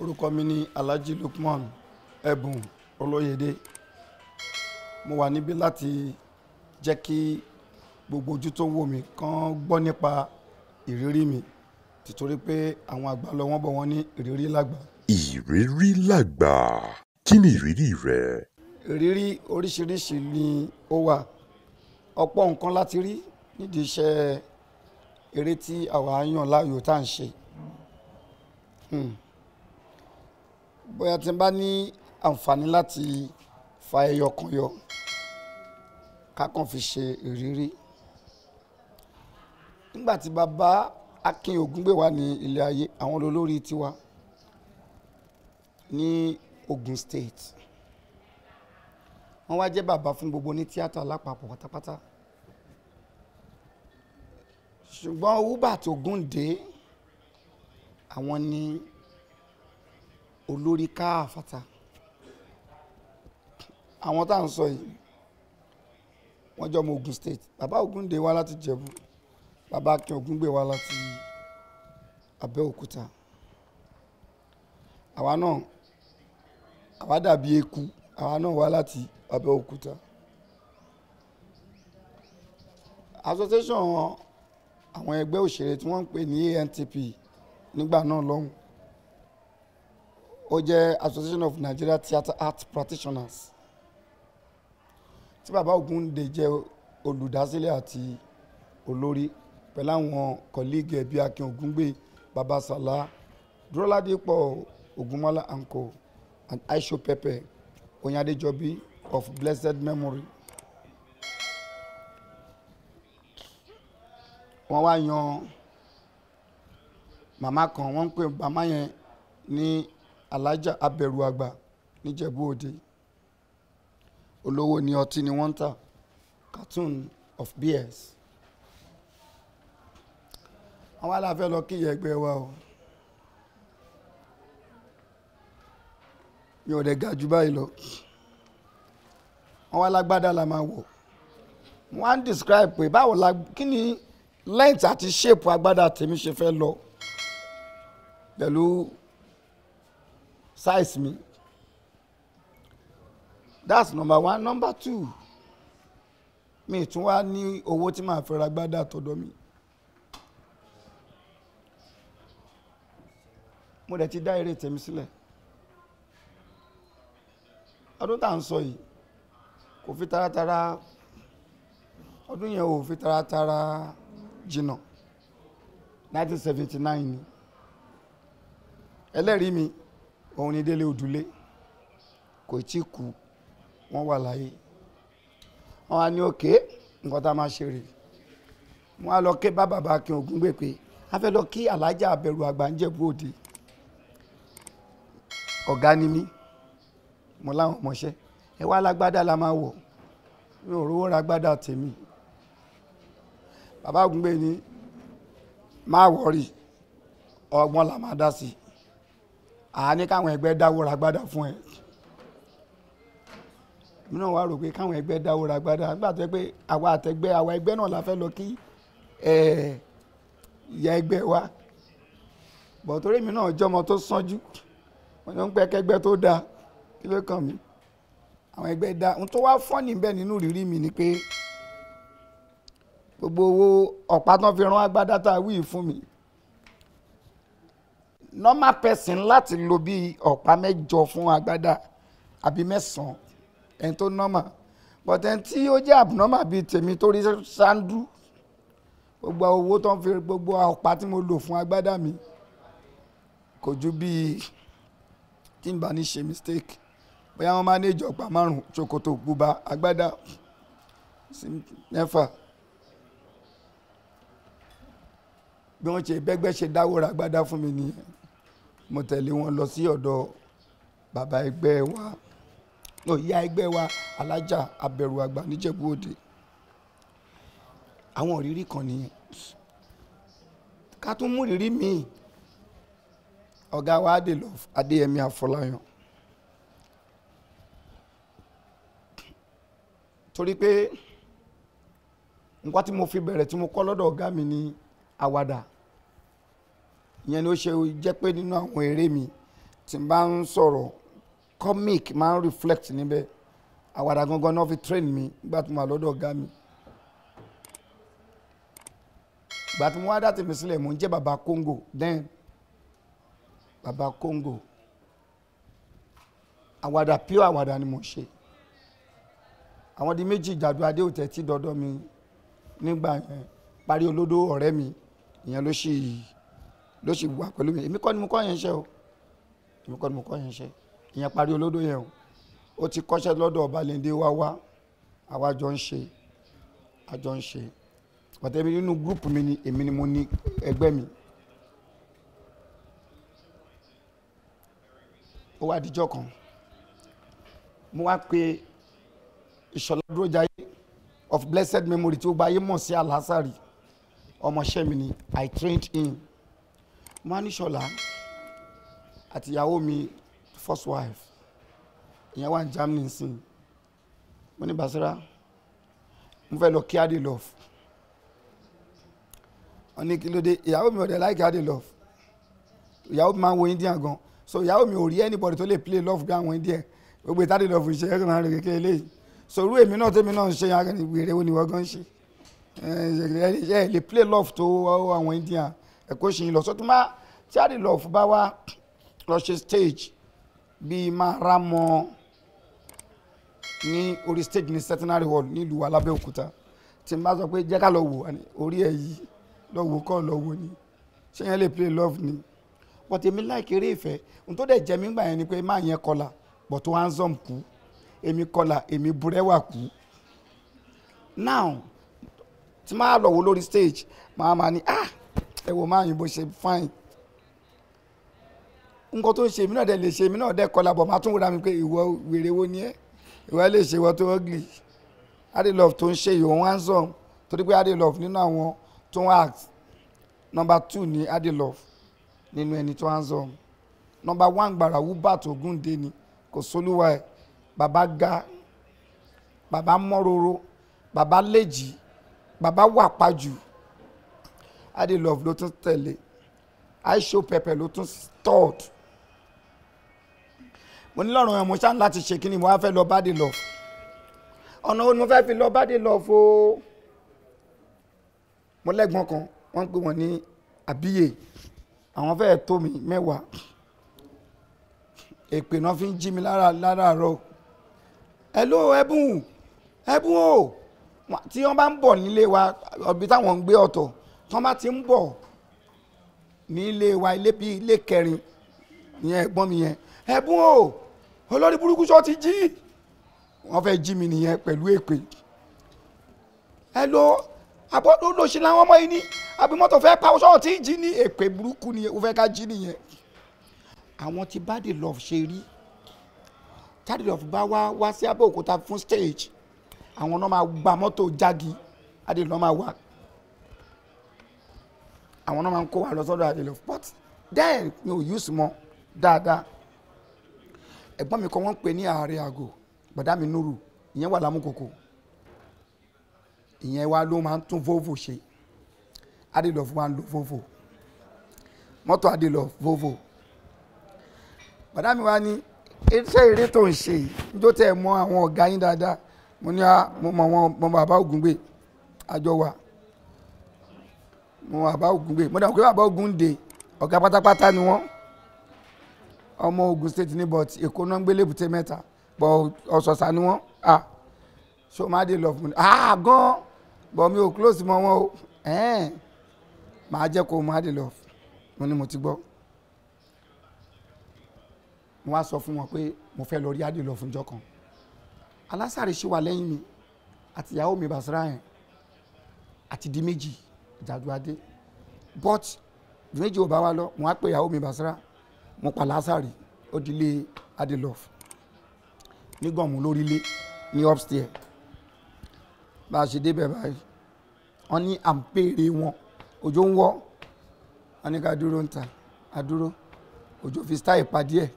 orúkọ mi ni Alhaji Lukman Ẹ̀bùn Olóyèdé mo wà níbí láti jẹ́ kí gbogbo ojú tó ń wò mí kàn gbọ́ nípa ìrírí mi tìtorí pé àwọn àgbà lọ wọ́n bọ̀ wọ́n ní ìrírí làgbà. ìrírí làgbà kí ni ìrírí rẹ. ìrírí oríṣiríṣi ni ó wà ọ̀pọ̀ nǹkan láti rí nídìí iṣẹ́ eré tí àwa yàn láàyò tá à ń ṣe. Hmm bóyá tí n bá ní àǹfààní láti fa ẹyọ kan yọ kákan fi ṣe ìrírí nígbà tí bàbá Akin Ògúngbè wà ní ilé ayé àwọn olórí tiwa ní Ogun State wọ́n wá jẹ́ bàbá fún gbogbo ní tíátà lápapọ̀ pátápátá ṣùgbọ́n wúbà tó gùn dé àwọn ni olórí káàfàtà àwọn tá à ń sọ yìí wọ́n jọ ọmọ Ògùn state bàbá Ògúndé wá láti Jẹ̀bú bàbá Akin Ògúngbè wá láti Abẹ́òkúta àwa náà àwa dàbí eku àwa náà wá láti Abẹ́òkúta association àwọn ẹgbẹ́ òṣèré tí wọ́n ń pè ní ANTP nígbà náà lọ́hùn ó jẹ́ association of nigeria theatre art practitioners tí bàbá Ògúndé jẹ́ olùdásílẹ̀ àti olórí pẹ̀lú àwọn kọ̀líìgì ẹ̀bí akin ògúngbè baba sala dúróládìpọ̀ ògúnmọ́lá anko and aisho pepe oyandejobi of blessed memory. wọ́n wá yan màmá kan wọ́n ń pè màmá yẹn ní alájà abẹ̀rù àgbà níjẹ̀bú òde olówó ni ọtí ni wọ́n ń tà cartoon of beers àwọn aláfẹ́ lọ kí ìyẹn ẹgbẹ́ wa o mi ò dẹ̀ ga jù báyìí lọ wọ́n wá la máa wọ̀ wọ́n á ń describe pé báwo la kí ni length àti shape agbádá tèmi ṣe fẹ́ lọ pẹ̀lú size me. That's number one. Number two, me tún wá ní owó tí màá fẹ́ ra gbádà tọ̀dọ̀ mi. Mo dẹ̀ ti dá eré tèmi sílẹ̀. Ọdún tá à ń sọ yìí kò fi taratara ọdún yẹn ò tara taratara jìnnà 1979 ni ẹlẹ́rìí mi òun ni délé òdúlé kò tí kú wọ́n wà láyé wọ́n á ní òkè nǹkan tá a máa ṣe rè wọ́n á lọ ké bá bàbá akin ògún gbè pé a fẹ́ lọ kí alájà abẹ̀rù àgbà ń jẹ̀bú òde ọ̀gá ni mí mo láwọn ọmọọṣẹ́ ẹ wá lágbádá la máa wọ̀ mi ò rówó ra tèmi bàbá ògún gbè ní má wọ̀rì ọgbọ́n la máa dá sí i a ní káwọn ẹgbẹ́ dáwó ra gbádà fún ẹ mi náà wá rò pé káwọn ẹgbẹ́ dáwó ra gbádà nígbà tó yẹ pé àwa àtẹgbẹ́ àwa ẹgbẹ́ náà la fẹ́ lọ kí ìyá ẹgbẹ́ wa bọ̀ torí mi náà jọmọ tó sánjú wọn ló ń pẹ́ kẹgbẹ́ tó dáa kí ló kàn mí àwọn ẹgbẹ́ dá ohun tó wá fọ́ níbẹ̀ nínú rírí mi ni pé gbogbo owó ọ̀pá tán fi rán agbádá tá a wí fún mi normal person láti lo bí ọ̀pá mẹ́jọ fún agbádá àbí mẹ́sàn-án ẹni tó normal but ẹni tí ó jẹ́ abnormal bíi tèmi tó rí ṣáńdú gbogbo owó tó ń fi gbogbo ọ̀pá tí mo lò fún agbádá mi kò ju bíi tí n bá ní ṣe mistake bóyá wọ́n máa ní ìjọba márùn-ún ṣòkòtò bùbá agbádá mẹ́fà bí wọ́n ṣe bẹ́gbẹ́ ṣe dáwó ra agbádá fún mi nìyẹn mo tẹ̀lé wọn lọ sí ọ̀dọ̀ bàbá ẹgbẹ́ wa no ìyá ẹgbẹ́ wa alájà abẹ̀rù àgbà níjẹ̀bú òde àwọn ìrírí kan nìyẹn ká tún mú ìrírí míì ọ̀gá wa Adelove Adéyẹmí Afọláyàn torí pé nǹkan tí mo fi bẹ̀rẹ̀ tí mo kọ́ lọ́dọ̀ ọ̀gá mi ni àwàdà ìyẹn ni ó ṣe jẹ́ pé nínú àwọn eré mi tí n bá ń sọ̀rọ̀ comic máa ń reflect níbẹ̀ àwàdà gangan náà fi train mi nígbà tí mo wà lọ́dọ̀ ọ̀gá mi ìgbà tí mo wá dá tèmi sílẹ̀ mò ń jẹ́ baba Congo then baba Congo àwàdà pure àwàdà ni mo ṣe àwọn di méjì ìjàdù adéòtẹ tí dọdọ mi nígbà yẹn parí olódó ọ̀rẹ́ mi ìyẹn ló ṣì yìí ló sì wà pẹ̀lú mi èmi kọ́ ni mo kọ́ yẹn ṣe o èmi kọ́ ni mo kọ́ yẹn ṣe ìyẹn parí olódò yẹn o ó ti kọ́ṣẹ́ lọ́dọ̀ Ọbalẹ́ndé wá wá àwa jọ ń ṣe àjọ ń ṣe pàtẹ́ mi nínú gúrùpù mi ni èmi ni mo ní ẹgbẹ́ mi ó wá díjọ́ kan mo wá pe Ìṣọ̀lá of blessed memory tí ó gba ayé mọ̀ sí Alásàrì ọmọọṣẹ́ mi ni I trained him. Maníṣọlá àti ìyàwó mi first wife ìyẹn wà ní Germany nsìn mo ní Basira mo fẹ́ lọ kí Ade love wọ́n ní kí ló dé ìyàwó mi ò dẹ̀ like Ade love ìyàwó mi máa ń wo India gan so ìyàwó mi ò rí anybody tó lè play love bí àwọn India gbogbo ìtàdé love ṣe ẹ̀rọ máa ń rèé kékeré yìí so irú èmi náà tèmi náà ń ṣe yàrá ìwé rẹ̀ ni wọ́n gan ṣe ẹ̀ ẹ̀ lè play love tó àwọn India ẹ̀kọ́ ṣì ń lọ sọ́tún máa tí àdìlọ́ fún bá wá lọ ṣe stage bíi máa rá mọ́ ní orí stage ní centenary hall nílùú alábẹ́òkúta tí n bá sọ pé jẹ́ ká lọ wò orí ẹ̀ yìí lọ wò kọ́ lọ wò ni ṣé yẹn lè play love ni but èmi láìkí eré ìfẹ́ n tó dẹ̀ jẹ́ mi gbà yẹn ni pé máa yẹn kọlà but tó handsome kú èmi kọlà èmi burẹ́wà kú now tí máa lọ wò lórí stage máa máa ní ah ẹ wo máa yìnbó ṣe fine nǹkan tó ń ṣe èmi náà dẹ̀ lè ṣe èmi náà dẹ̀ kọlà bọ̀ máa tún wúra mi pé ìwọ wèrè wo ni ẹ ìwọ lè ṣe ìwọ tó ugly love. tó ń ṣe ìhòòhùn handsome torí pé adilove nínú àwọn tó ń act number two ni adilove nínú ẹni tó handsome number one gbàrà wúbà tó gúnde ni kò sólúwa ẹ bàbá ga bàbá mọ́roro bàbá lèjì bàbá wàpájù adelove ló tún tẹ̀lé aisho pepper ló tún third mo ní lọ́rùn ẹ̀mú ṣáà láti ṣe kí ni mo wá fẹ́ lọ bá adelove ọ̀nà wo ni mo fẹ́ fi lọ bá adelove o mo lẹ́gbọ́n kan wọ́n ń pè wọ́n ní àbíyè àwọn fẹ́ẹ́ tó mi mẹ́wàá èpè náà fi ń jí mi láràárọ̀ hello ẹ̀bùn ẹ̀bùn o tí wọ́n bá ń bọ̀ nílé wa ọ̀bí táwọn ń gbé ọ̀tọ̀ tán bá ti ń bọ̀ ní ilé wa ilé bíi ilé kẹrin ìyẹn ẹ̀gbọ́n mi yẹn ẹ̀bùn o olórí burúkú sọ ti jí wọ́n fẹ́ jí mi nìyẹn pẹ̀lú èpè ẹ lọ àbọ̀dún lòṣì làwọn ọmọ yìí ní àbí fẹ́ pa ọ̀ṣọ́ tí jí ní èpè burúkú nìyẹn ó fẹ́ ká jí nìyẹn àwọn tí body love ṣe rí body love bá wá wá sí Abẹ́òkúta fún stage àwọn náà máa gba mọ́tò jági adé lọ́ọ́ máa wà àwọn náà máa ń kó wa lọ sọ́dọ̀ àdèlè but then mi ò use mọ́ dáadáa ẹ̀gbọ́n mi kan wọ́n ń pè ní ààrẹ àgò gbọ̀dá mi nùrù ìyẹn wà lámúkòkò ìyẹn wa ló máa ń tún volvo ṣe adélọ́fù wa ń lo volvo mọ́tò adélọ́ volvo gbọ̀dá mi wá ní iṣẹ́ eré tó ń ṣe yìí njó tẹ̀ mọ́ àwọn ọ̀gá yín dáadáa mo ní ah, mo mọ̀ wọn bàbá ògúngbè àjọ wa mo àbá ogun gbé mo dàgbà pé bàbá ogun dè ọ̀gá pátápátá ni wọ́n ọmọ Ogun State ní but Èkó náà ń gbé lébùté mẹ́ta bọ̀ ọ̀sọ̀ọ̀sà ni wọ́n à so lọ fún mi à gan bọ̀ mi ò close mọ́ wọn o màá jẹ́ kó má lọ mo ní mo ti gbọ́ mo wá sọ fún wọn pé mo fẹ́ lọ rí adé lọ fúnjọ́ kan alásàrè ṣì wà lẹ́yìn mi àtìyàwó mi Basira yẹn àti di méjì jagbadé but méjì ò bá wa lọ wọn á pè ìyàwó mi Basira mo pa lásàrì ó dilé Adelof nígbọ̀mù lórílé ní upstairs bá a ṣe débẹ̀ báyìí wọ́n ní à ń pèrè wọn òjò ń wọ́ wọ́n ní ká dúró ń ta àdúró òjò fi style pàdé ẹ̀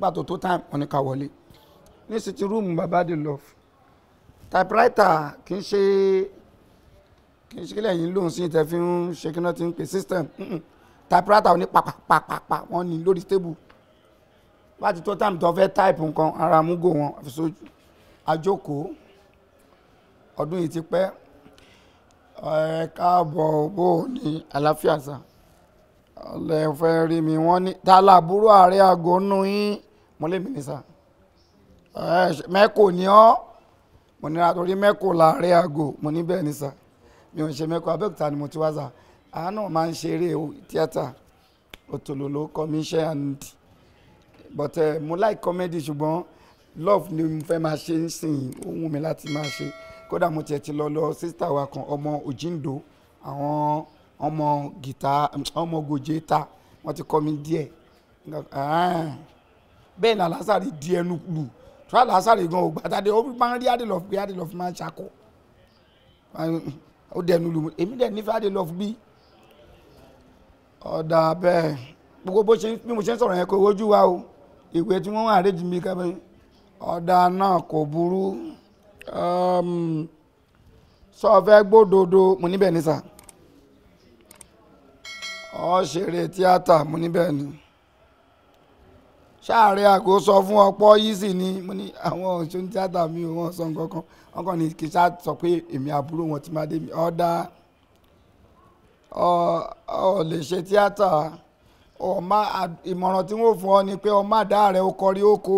pàtó tó time wọ́n ní ká wọlé ní sitting room bàbá typewriter kì í ṣe kì í ṣe kílẹ̀ yìí lóhùn sí tẹ fi ń ṣe kí wọ́n ti ń pè system typewriter ò ní pàpàpàpà wọ́n ní lórí table bá ti tó táàmù tó fẹ́ táìpù nǹkan ara amúgò wọn àfisojú àjókòó ọdún yìí ti pẹ́ ẹ káàbọ̀ bó o ní àlàáfíà sà ọlẹ́ fẹ́ rí mi wọ́n ní ta làbúrò ààrẹ àgọ́ nù yín mọ́lẹ́mí ni sà mẹ́kò ni ọ́ mo ní torí mẹ́kò làárẹ̀ àgọ́ mo ní bẹ́ẹ̀ ni sà mi ò ń ṣe mẹ́kọ abẹ́òkúta ni mo ti wá sà àánú máa ń ṣeré tíátà òtòlòlò commission and but uh, mo like comedy ṣùgbọ́n love ni mo fẹ́ máa ṣe ń sìn ohun mi láti máa ṣe kódà mo tiẹ̀ ti lọ lọ sísítà wa kan ọmọ òjìǹdó àwọn ọmọ gìtá ọmọ gòjé ta wọ́n ti kọ́ mi díẹ̀ bẹ́ẹ̀ ni alásàrè di ẹnu lù tó alásàrè gan ògbà tàdé ó máa ń rí adìlọ́fù pé adìlọ́fù máa ń ṣakọ ó dẹnu lùmú èmi dẹ̀ nífẹ̀ẹ́ adé lọ́ọ̀fù bí ọ̀dà bẹ́ẹ̀ gbogbo bó ṣe bí mo ṣe ń sọ̀rọ̀ yẹn kò wojú wa o ìwé tí wọ́n àrèjì mi kẹ́mi ọ̀dà náà kò burú sọ fẹ́ gbódodo mo níbẹ̀ ní sà ọ̀ ṣeré tíátà mo níbẹ̀ ní ṣáàrẹ àgọ́ sọ fún ọ̀pọ̀ yìí sì ni mo ní àwọn òṣèlú tíátà mi ò wọ́n sọ nǹkan kan wọ́n kàn ní kì í sọ pé èmi àbúrò wọn ti máa dé mi ọ̀dà ọ̀ lè ṣe tíátà ọ̀ma ìmọ̀ràn tí wọ́n fún ọ ni pé ọmọ àdá rẹ̀ ó kọrí oko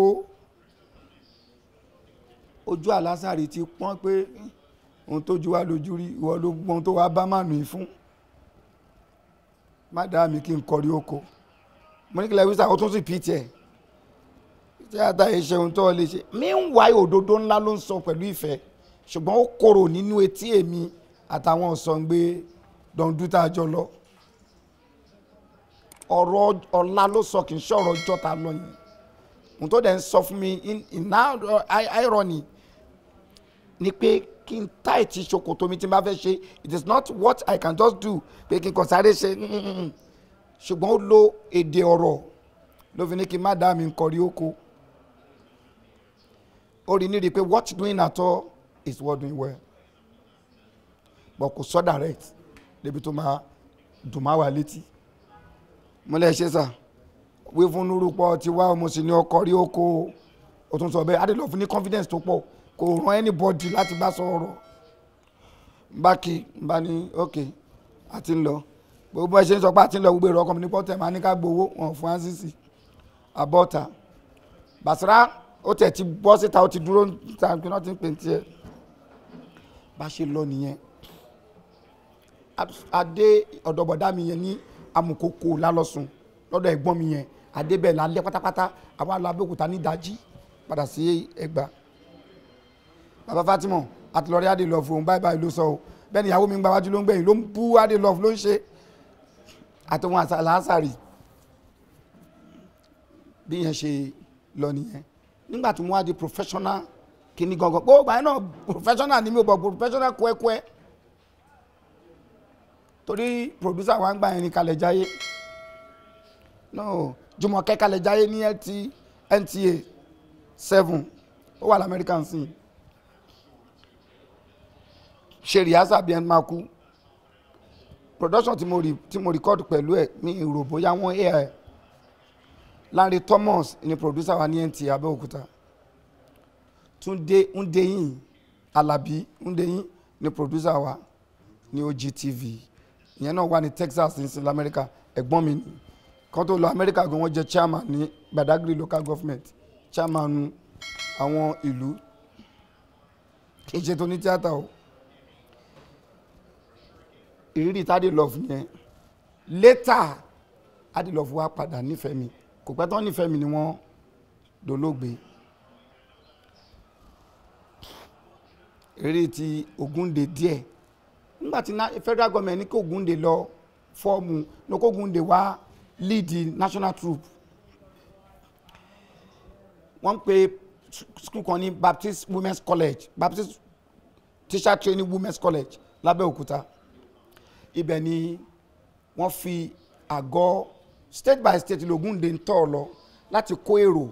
ojú àlásàrì ti pọ́n pé ohun tójú wa lójú rí ìwọ ló gbọ́n tó wá bá mànú yìí fún má dá mi kí n kọrí oko mo ní kí lè wí sàkótún sí pt ẹ̀ tíátà yìí ṣe ohun tó lè ṣe meanwhile òdodo ńlá ló ń sọ pẹ̀lú ìfẹ́ ṣùgbọ́n ó korò nínú etí èmi àtàwọn ọ̀sọ̀ǹgbé dọ̀ǹdútà jọ lọ ọ̀rọ̀ ọ̀la ló sọ kì í ṣọ̀rọ̀ ọjọ́ ta lọ yìí ohun tó dẹ̀ ń sọ fún mi iná irony ni pé kí n tá ìtì ṣòkòtò mi tí n bá fẹ́ ṣe it is not what I can just do pé kí n kàn sáré ṣe ṣùgbọ́n ó lo èdè ọ̀rọ̀ ló fi ní kí n má dá mi ń kọrí oko ó rí ní rí i pé what doing at all is what doing well but kò sọ direct débi tó máa dùn máa wà létí mo lè ṣe sà wí fún nurúpọ̀ tí wá mo sì ní ọkọ rí oko o tún sọ bẹ́ẹ̀ adélọ́ ní confidence tó pọ̀ kò ràn anybody láti bá sọ ọ̀rọ̀ báàkì bá ní ok àti ń lọ gbogbo ẹ ṣe ń sọ pé àti ń lọ gbogbo èrò ọkọ mi ní pọ́tẹ́ máa ní ká gbowó wọn fún ansisi abọ́ta Basira ó tẹ̀ ti bọ́ síta ó ti dúró níta pé nothing pain tiẹ̀ bá ṣe lọ nìyẹn adé ọ̀dọ̀bọ̀dá mi yẹn ní amukoko lálọ́sùn lọ́dọ̀ ẹ̀gbọ́n mi yẹn adé bẹ́ẹ̀ lálẹ́ pátápátá àwa lọ abẹ́òkúta ní ìdájí padà sí ẹgbà bàbá Fatima àtìlọ́rí adé lọ fún un báyìí báyìí ló sọ o bẹ́ẹ̀ ni ìyàwó mi ń gba wájú ló ń gbẹ̀yìn ló ń bú adé lọ ló ń ṣe àtọwọn àṣà làásàrì bí yẹn ṣe lọ nìyẹn nígbà tí mo wá di professional kìíní gangan pé ó gbà náà professional ni mi ò bọ̀ professional kúẹ́kúẹ́ torí producer wa ń gba irin kalẹ̀ jáyé no Jùmọ̀kẹ́ kalẹ̀ jáyé ní LT NTA seven ó wà lamẹ́ríkà sí i ṣe rìhásà bí ẹni máa kú production tí mo record pẹ̀lú ẹ̀ mi ìrò bóyá wọ́n Lanre Thomas ni producer wa ní NTA Abẹ́òkúta Tunde Ndeyin Alabi Ndeyin ni producer wa ní OGTV ìyẹn náà wà ní Texas ní sílẹ̀ Amẹ́ríkà ẹ̀gbọ́n mi ni kan tó lọ Amẹ́ríkà gan wọ́n jẹ́ chairman ní Badagry local government chairman àwọn ìlú kì í ṣe tó ní tíátà o ìrírí tádé love yẹn later adé love wa padà nífẹ̀ẹ́ mi kò pẹ́ tán nífẹ̀ẹ́ mi ni wọ́n dolóògbé eré ti Ògúndé díẹ̀ nígbà tí federal government ní kí Ògúndé lọ fọ́ọ̀mù ní kó Ògúndé wá lead national troop wọ́n ń pe school kan ní Baptist Women's College Baptist Teacher Training Women's College lábẹ́òkúta ibẹ̀ ni wọ́n fi àgọ́ state by state logun de ń tọ̀ lọ láti kó èrò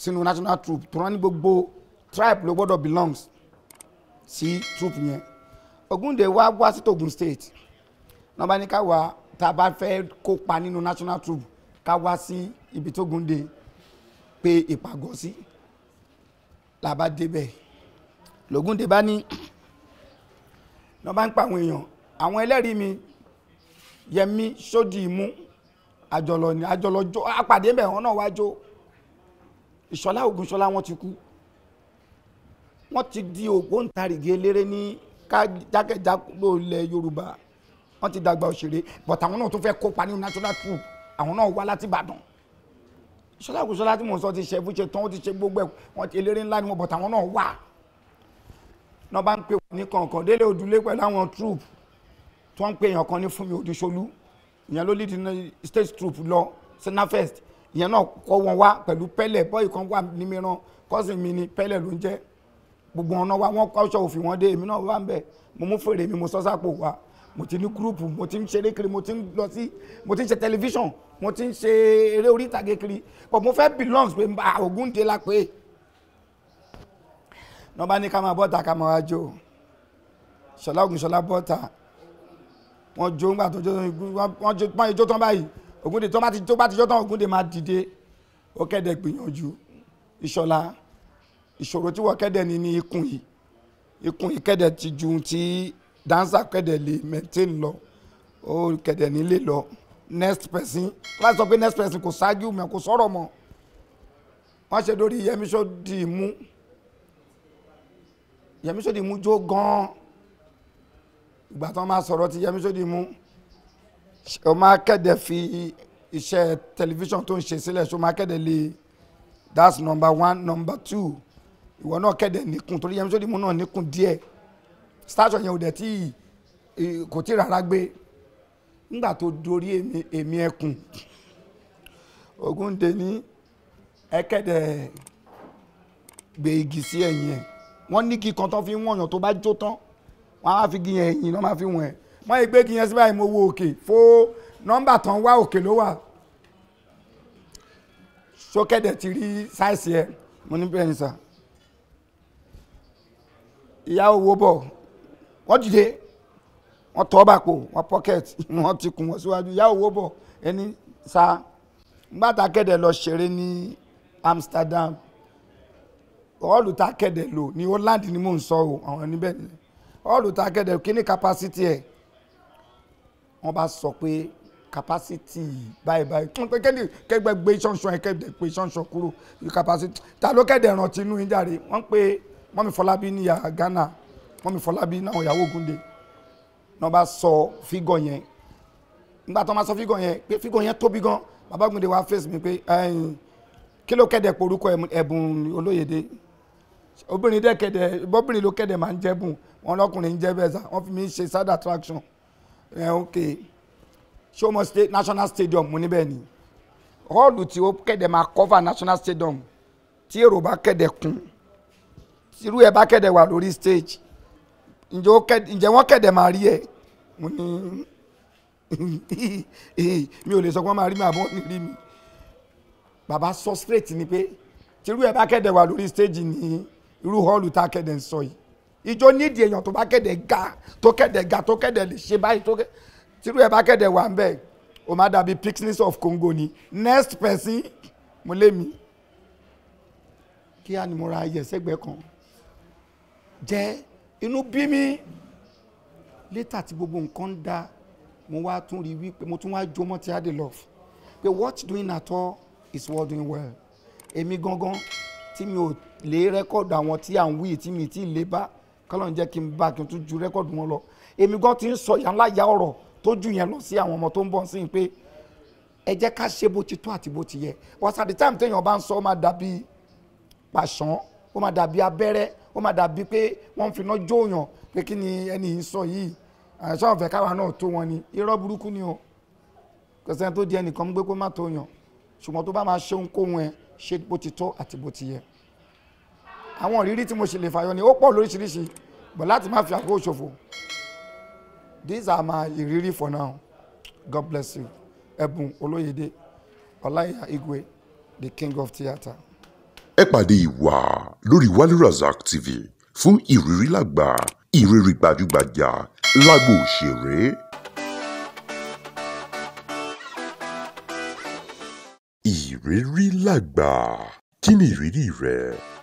sínú national troop tó rán ní gbogbo tribe ló gbọ́dọ̀ belongs sí troop yẹn Ògúndé wá wá sí tògùn state náà bá ní ká wá tá a bá fẹ́ kópa nínú national troop ká wá sí ibi tógúndé pé ìpàgọ́ sí la bá débẹ̀ lògúndé bá ní náà ń pa àwọn èèyàn àwọn ẹlẹ́rìí mi Yẹmí Sódìímú àjọlọ ni àjọlọ jó apàdé bẹ̀ wọn náà wá jó ìṣọlá ògúnṣọlá wọn ti kú wọn ti di ògbóǹtarìgì eléré ní jákèjádò ilẹ̀ yorùbá wọn ti dàgbà òṣèré but àwọn náà tún fẹ́ kópa ní national troupe àwọn náà wá láti ìbàdàn ìṣọlá ògúnṣọlá tí mò ń sọ ti ṣe fúnṣe tán ó ti ṣe gbogbo ẹ̀ wọn ti eléré ńlá ni wọn but àwọn náà wà náà bá ń pè wọn ní kọ̀ọ̀kan délé òdúlé pẹ̀lú àwọn troupe tí wọ́n ń pè èèyàn kan ní fúnmi odúṣolú ìyẹn ló lead ní state troop lọ senafest ìyẹn náà kọ́ wọn wá pẹ̀lú pẹ́lẹ̀ bọ́ọ̀ì kan wà ní mìíràn kọ́sìn mi ni pẹ́lẹ̀ ló ń jẹ́ gbogbo ọ̀nà wa wọ́n kọ́ṣọ́ òfin wọn dé èmi náà wà ń bẹ̀ mo mú fèrè mi mo sọ sápò wa mo ti ní gúrúùpù mo ti ń ṣeré kiri mo ti ń lọ sí mo ti ń ṣe tẹlifíṣàn mo ti ń ṣe eré orí ìtàgé kiri but mo fẹ́ belongs pé Ògúndé la pé nọ́ba ní ká máa bọ́ta ká máa wá jó ṣọlá Ògúnṣọlá bọ́ta wọ́n jó ńgbà tó jó wọ́n jó pọ́n ijó tán báyìí Ògúndé tó bá ti tó bá ti jó tán Ògúndé máa dìde ó kẹ́dẹ̀ gbìyànjú ìṣọ̀lá ìṣòro tí wọ́n kẹ́dẹ̀ ní ní ikùn yìí ikùn yìí kẹ́dẹ̀ ti ju ti dancer kẹ́dẹ̀ lè maintain lọ ó kẹ́dẹ̀ nílé lọ next person láti sọ pé next person kò ṣáájú mọ́ kò sọ̀rọ̀ mọ́ wọ́n ṣe lórí Yẹmí Sódìmú Yẹmí Sódìmú jó gan-an ìgbà tí wọ́n máa sọ̀rọ̀ ti Yẹmí Ṣódìmú ó máa kéde fi iṣẹ́ tẹlifíṣàn tó ń ṣe sílẹ̀ ṣó máa kéde lé that's number one number two ìwọ náà kéde níkùn torí Yẹmí Ṣódìmú náà níkùn díẹ̀ station yẹn ò dẹ̀ tí kò tí rárá gbé nígbà tó dorí èmi ẹkùn ogun dè ní ẹ̀kẹ́dẹ̀ gbé igi sí ẹ̀yìn ẹ̀ wọ́n ní kí kan tán fi ń wọ̀nyàn tó bá jó tán wọ́n á fi gíyàn ẹ̀yìn lọ́ máa fi wọ̀n ẹ̀ wọ́n yìí gbé gíyàn sí báyìí mo wo òkè fó nọ́mbà tán wá òkè ló wà sókèdè ti rí sáìsì ẹ̀ mo ní bẹ́ẹ̀ ni sà ìyá owó bọ̀ wọ́n dìde wọ́n tọ́ bàpò wọ́n pocket wọ́n ti kùn wọ́n síwájú ìyá owó bọ̀ ẹni sa gbàtà kẹ̀dẹ̀ lọ ṣeré ní Amsterdam ọ̀ọ́lù tá kẹ̀dẹ̀ lò ní Holland ni mò ń sọ o àwọn níbẹ̀ nìyẹn ọ́ọ̀lù tá a kẹ́dẹ̀ kí ni capacity ẹ̀ wọ́n bá sọ pé capacity báyìí báyìí pé kẹ́ni kẹ́gbẹ́ gbé ṣánṣán ẹ̀ kẹ́dẹ̀ pé ṣánṣán kúrò capacity ta ló kẹ́dẹ̀ rántí inú yín jáde wọ́n pe mọ́mí fọlábí níyà ghana mọ́mí fọlábí náà ìyàwó ogunde náà bá sọ fígọ̀ yẹn nígbà tó máa sọ fígọ̀ yẹn pé fígọ̀ yẹn tóbi gan bàbá ogunde wá fèsì mi pé kí ló kẹ́dẹ̀ porúkọ ẹ̀bùn olóyèdè obìnrin dẹ́ kẹ́dẹ̀ bọ́bìnrin ló kẹ́dẹ̀ máa ń jẹ́bùn wọn lọkùnrin ń jẹ́ bẹ́ẹ̀ sá wọ́n fi mí ṣe side attraction ẹ eh, ok ṣọmọ state national stadium mo níbẹ̀ ni họ́ọ̀lù tí ó kẹ̀dẹ̀ máa cover national stadium tí èrò bá kẹ̀dẹ̀ kún irú ẹ̀ bá kẹ̀dẹ̀ wà lórí stage ǹjẹ́ wọ́n kẹ̀dẹ̀ máa rí ẹ̀ mo ní mi ò lè sọ pé wọ́n máa rí mi àbọ̀ ní mi bàbá sọ straight ni pé tí irú ẹ̀ bá kẹ̀dẹ̀ wà lórí stage ni irú họ́ọ̀lù tá a kẹ̀dẹ̀ ń sọ yìí ìjọ nídìí èèyàn tó bá kẹ̀dẹ̀ ga tó kẹ̀dẹ̀ ga tó kẹ̀dẹ̀ lè ṣe báyìí tó kẹ̀dẹ̀ tírú ẹ̀ bá kẹ̀dẹ̀ wà ń bẹ̀ o má dàbí picnic of Congo ni next person mo lé mi kí á ní mo ra ayẹ sẹ́gbẹ́ kan jẹ́ inú bí mi létà tí gbogbo nǹkan ń da mo wá tún rí wípé mo tún wá jó ti adé love pé what doing at all is what doing well èmi gangan tí mi ò lè rẹ́kọ̀dù àwọn tí à ń wí tí mi ti lè bá kọ́lọ́n jẹ́ kí n bá kí n tún ju rẹ́kọ̀dù wọn lọ èmi gan ti ń sọ ìyá ńlá ìyá ọ̀rọ̀ tó jù yẹn lọ sí àwọn ọmọ tó ń bọ̀ sí pé ẹ jẹ́ ká ṣe bó ti tó àti bó ti yẹ wàsà the time téèyàn bá ń sọ ó máa dàbí pàṣán ó máa dàbí abẹ́rẹ́ ó máa dàbí pé wọ́n ń finá jóòyàn pé kí ni ẹni yìí ń sọ yìí àìsàn ọ̀fẹ́ káwa náà tó wọn ni irọ́ burúkú ni o kẹsàn tó di ẹnìkan gbé pé má tó yàn ṣùgbọ́n tó bá máa ṣe ohunkóhun ẹ ṣe bó ti tó àti bó ti yẹ àwọn ìrírí tí mo ṣe lè fàyọ ni ó pọ̀ lóríṣiríṣi but láti má fi àkókò ṣòfò these are my ìrírí for now god bless you ẹ̀bùn olóyèdè ọláìyá igwe the king of theatre. ẹ pàdé ìwà lórí Wale Rasaq TV fún ìrírí lágbà ìrírí gbajúgbajà lágbo òṣèré. ìrírí lágbà kí ni ìrírí rẹ?